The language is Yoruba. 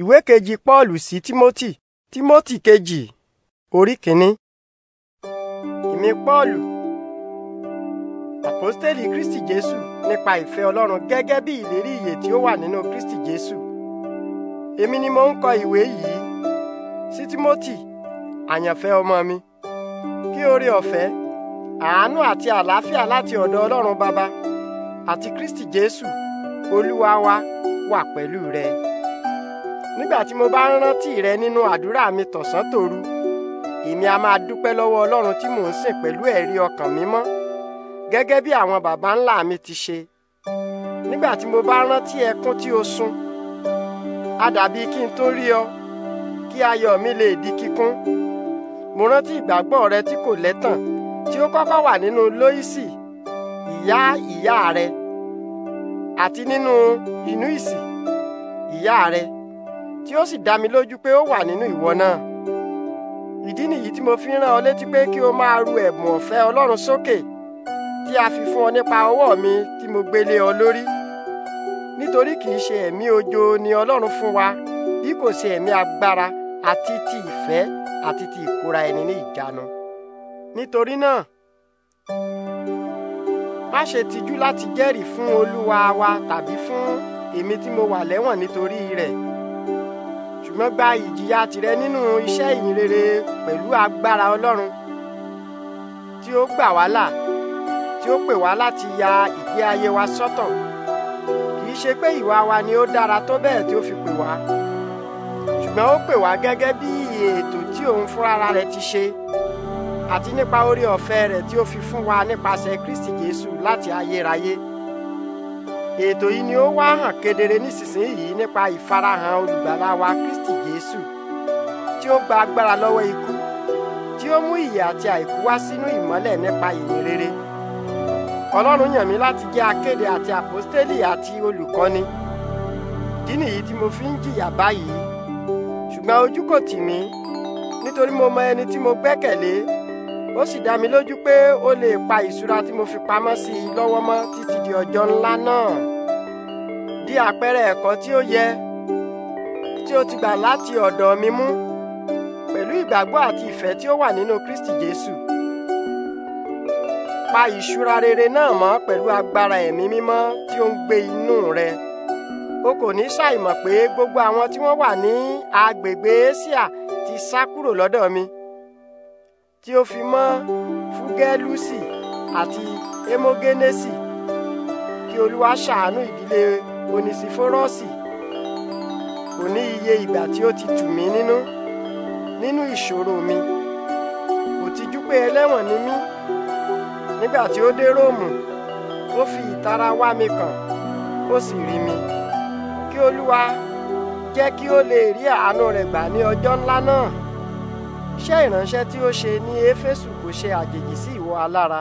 ìwé kejì Pọ́ọ̀lù sí Tímótì Tímótì kejì orí kìíní. èmi Pọ́ọ̀lù àpọ́stélì Kristi Jésù nípa ìfẹ́ Ọlọ́run gẹ́gẹ́ bí ìlérí ìyè tí ó wà nínú Kristi Jésù èmi ni mo ń kọ ìwé yìí sí Tímótì àyànfẹ́ ọmọ mi kí oore ọ̀fẹ́ àánú àti àlàáfíà láti ọ̀dọ̀ Ọlọ́run Baba àti Kristi Jésù Olúwa wa wà pẹ̀lú rẹ nígbà tí mo bá ń rántí rẹ nínú àdúrà mi tọ̀sán tòru èmi a máa dúpẹ́ lọ́wọ́ ọlọ́run tí mò ń sìn pẹ̀lú ẹ̀rí ọkàn mímọ́ gẹ́gẹ́ bí àwọn baba ńlá mi ti ṣe nígbà tí mo bá rántí ẹkún tí o sun a dàbí kí n tó rí ọ kí ayọ̀ mi lè di kíkún mo rántí ìgbàgbọ́ rẹ tí kò lẹ́tàn tí ó kọ́kọ́ wà nínú lóìsì ìyá ìyá rẹ àti nínú inú ìsì ìyá rẹ tí ó sì dá mi lójú pé ó wà nínú ìwọ náà. Ìdí nìyí tí mo fi ń rán ọ létí pé kí o máa ru ẹ̀bùn ọ̀fẹ́ Ọlọ́run sókè tí a fi fún ọ nípa ọwọ́ mi tí mo gbé lé ọ lórí. Nítorí kì í ṣe ẹ̀mí ojo ni Ọlọ́run fún wa bí kò ṣe ẹ̀mí agbára àti ti ìfẹ́ àti ti ìkóra ẹni ní ìjánu. Nítorí náà má ṣe tijú láti jẹ́rìí fún Olúwa wa tàbí fún èmi tí mo wà lẹ́wọ̀n nítorí rẹ̀ ṣùgbọ́n gba ìjìyà tìrẹ nínú iṣẹ́ ìyìnrere pẹ̀lú agbára Ọlọ́run tí ó gbà wá là tí ó pè wá láti ya ìgbé ayé wa sọ́tọ̀ kì í ṣe pé ìwà wa ni ó dára tó bẹ́ẹ̀ tí ó fi pè wá ṣùgbọ́n ó pè wá gẹ́gẹ́ bí ètò tí òun fúnra rẹ̀ ti ṣe àti nípa oore ọ̀fẹ́ rẹ̀ tí ó fi fún wa nípasẹ̀ Kristi Jésù láti ayérayé ètò yìí ni ó wá hàn kedere nísinsìnyí nípa ìfarahàn olùgbàlà wa Kristi Jésù tí ó gba agbára lọ́wọ́ ikú tí ó mú ìyè àti àìkú wá sínú ìmọ́lẹ̀ nípa ìyìn rere Ọlọ́run yàn mí láti jẹ́ akéde àti àpọ́stélì àti olùkọ́ni ìdí nìyí tí mo fi ń jìyà báyìí ṣùgbọ́n ojú kò tì mí nítorí mo mọ ẹni tí mo gbẹ́kẹ̀lé ó sì dá mi lójú pé ó lè pa ìṣúra tí mo fi pamọ́ sí i lọ́wọ́ mọ́ títí ọjọ́ ńlá náà di àpẹẹrẹ ẹ̀kọ́ tí ó yẹ tí ó ti gbà láti ọ̀dọ̀ mi mú pẹ̀lú ìgbàgbọ́ àti ìfẹ́ tí ó wà nínú Kristi Jésù pa ìṣúra rere náà mọ́ pẹ̀lú agbára ẹ̀mí mímọ́ tí ó ń gbé inú rẹ o kò ní ṣàìmọ̀ pé gbogbo àwọn tí wọ́n wà ní agbègbè Asia ti sá kúrò lọ́dọ̀ mi tí ó fi mọ́ Fúgẹ́lúsì àti Hemogenesi kí olúwa ṣàánú ìdílé onísìfọ́rọ́ọ̀sì kò ní iye ìgbà tí ó ti tù mí nínú nínú ìṣòro mi kò ti pé ẹlẹ́wọ̀n ni mí nígbà tí ó dé róòmù ó fi ìtara wá mi kàn ó sì rí mi kí olúwa jẹ́ kí ó lè rí àánú rẹ̀ gbà ní ọjọ́ ńlá náà iṣẹ́ ìránṣẹ́ tí ó ṣe ní éfésù kò ṣe àjèjì sí ìwọ alára.